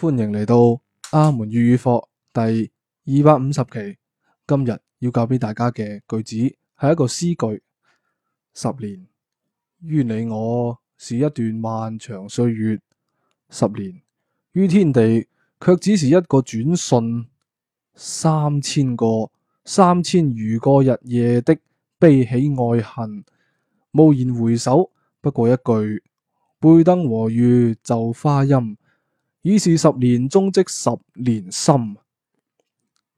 歡迎嚟到阿門粵語課第二百五十期。今日要教俾大家嘅句子係一個詩句：十年於你我是一段漫長歲月，十年於天地卻只是一個轉瞬。三千個、三千餘個日夜的悲喜愛恨，驀然回首，不過一句“背燈和月就花陰。”已是十年蹤跡十年心，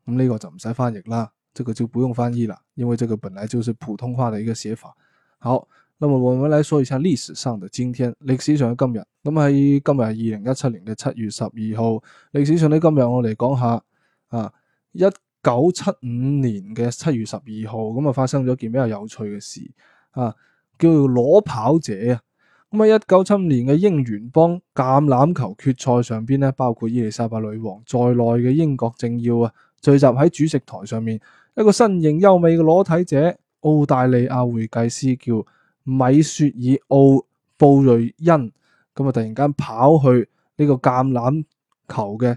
咁呢個就唔使翻譯啦，這個就不用翻譯啦、這個，因為這個本來就是普通話的一個寫法。好，那麼我們來說一下歷史上的今天，歷史上的今日。咁喺今日係二零一七年嘅七月十二號，歷史上的今日，我嚟講下啊，一九七五年嘅七月十二號，咁啊發生咗件比較有趣嘅事啊，叫做裸跑者啊。咁啊，一九七七年嘅英聯邦橄欖球決賽上邊咧，包括伊麗莎白女王在內嘅英國政要啊，聚集喺主席台上面。一個身形優美嘅裸體者，澳大利亞會計師叫米雪爾·奧布瑞恩，咁啊，突然間跑去呢個橄欖球嘅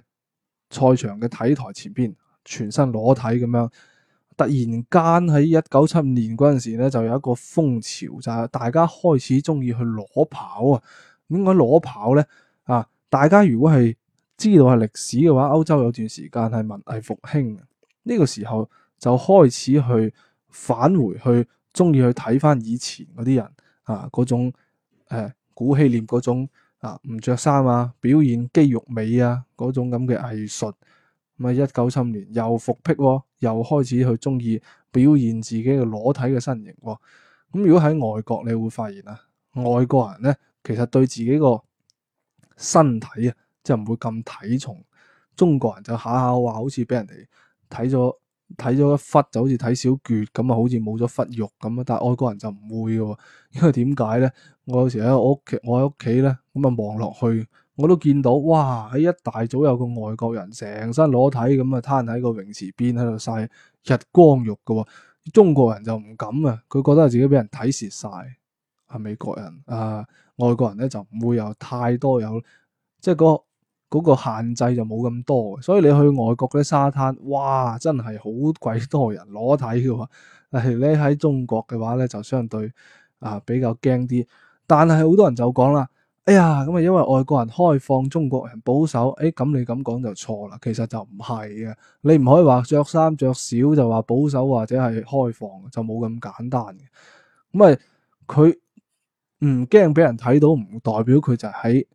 賽場嘅體台前邊，全身裸體咁樣。突然間喺一九七五年嗰陣時咧，就有一個風潮，就係、是、大家開始中意去裸跑啊！點解裸跑咧？啊，大家如果係知道係歷史嘅話，歐洲有段時間係文藝復興，呢、這個時候就開始去返回去中意去睇翻以前嗰啲人啊，嗰種誒、啊、古希臘嗰種啊唔着衫啊，表現肌肉美啊嗰種咁嘅藝術。咪一九七年又復辟喎，又開始去中意表現自己嘅裸體嘅身形喎。咁如果喺外國，你會發現啊，外國人咧其實對自己個身體啊，就唔會咁睇重。中國人就下下話好似俾人哋睇咗睇咗一忽，就好似睇小撅咁啊，好似冇咗忽肉咁啊。但係外國人就唔會嘅喎、哦，因為點解咧？我有時喺我屋企，我喺屋企咧，咁啊望落去。我都見到，哇！喺一大早有個外國人，成身裸體咁啊，攤喺個泳池邊喺度曬，日光浴嘅喎、哦。中國人就唔敢啊，佢覺得自己俾人睇蝕晒。啊，美國人啊、呃，外國人咧就唔會有太多有，即係嗰嗰個限制就冇咁多。所以你去外國啲沙灘，哇！真係好鬼多人裸體嘅喎。但係咧喺中國嘅話咧，就相對啊、呃、比較驚啲。但係好多人就講啦。哎呀，咁啊，因為外國人開放，中國人保守，誒、哎，咁你咁講就錯啦，其實就唔係嘅，你唔可以話着衫着少就話保守或者係開放，就冇咁簡單嘅。咁啊，佢唔驚俾人睇到，唔代表佢就喺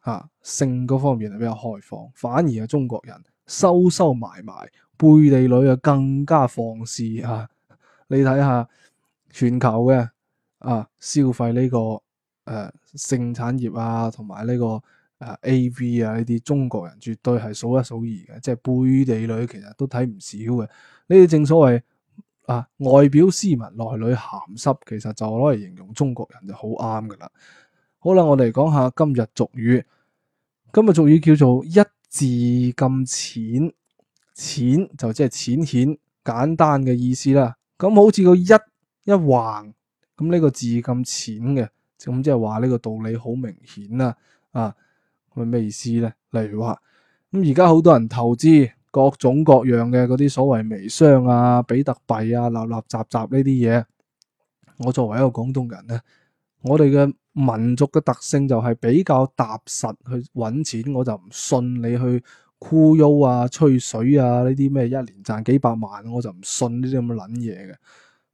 啊性嗰方面係比較開放，反而係中國人收收埋埋，背地裏啊更加放肆啊。你睇下全球嘅啊消費呢、這個。誒，性、呃、產業啊，同埋呢個誒、呃、A. V. 啊，呢啲中國人絕對係數一數二嘅，即係背地裏其實都睇唔少嘅。呢啲正所謂啊、呃，外表斯文，內裏鹹濕，其實就攞嚟形容中國人就好啱噶啦。好啦，我哋講下今日俗語。今日俗語叫做一字咁淺，淺就即係淺顯簡單嘅意思啦。咁好似個一一橫，咁呢個字咁淺嘅。咁即係話呢個道理好明顯啦，啊，咁咩意思咧？例如話，咁而家好多人投資各種各樣嘅嗰啲所謂微商啊、比特幣啊、立立雜雜呢啲嘢，我作為一個廣東人咧，我哋嘅民族嘅特性就係比較踏實去搵錢，我就唔信你去忽悠啊、吹水啊呢啲咩，一年賺幾百萬，我就唔信呢啲咁嘅撚嘢嘅。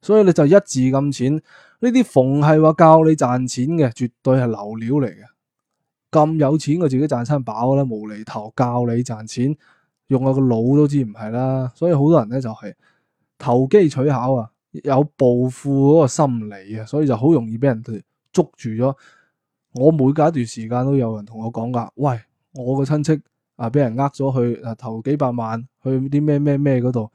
所以你就一字咁淺，呢啲逢係話教你賺錢嘅，絕對係流料嚟嘅。咁有錢，我自己賺餐飽啦，無厘頭教你賺錢，用我個腦都知唔係啦。所以好多人咧就係、是、投機取巧啊，有暴富嗰個心理啊，所以就好容易俾人哋捉住咗。我每隔一段時間都有人同我講噶，喂，我個親戚啊俾人呃咗去啊投幾百萬去啲咩咩咩嗰度，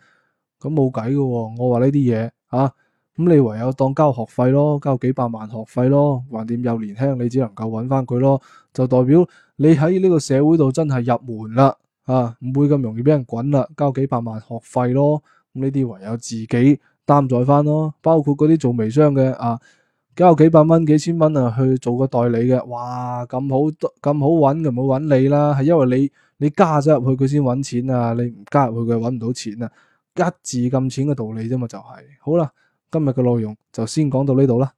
咁冇計噶。我話呢啲嘢。啊，咁你唯有當交學費咯，交幾百萬學費咯，還掂又年輕，你只能夠揾翻佢咯，就代表你喺呢個社會度真係入門啦，啊，唔會咁容易俾人滾啦，交幾百萬學費咯，咁呢啲唯有自己擔載翻咯，包括嗰啲做微商嘅啊，交幾百蚊、幾千蚊啊去做個代理嘅，哇，咁好咁好揾就唔好揾你啦，係因為你你加咗入去佢先揾錢啊，你唔加入去佢揾唔到錢啊。一字咁淺嘅道理啫嘛，就係好啦，今日嘅內容就先講到呢度啦。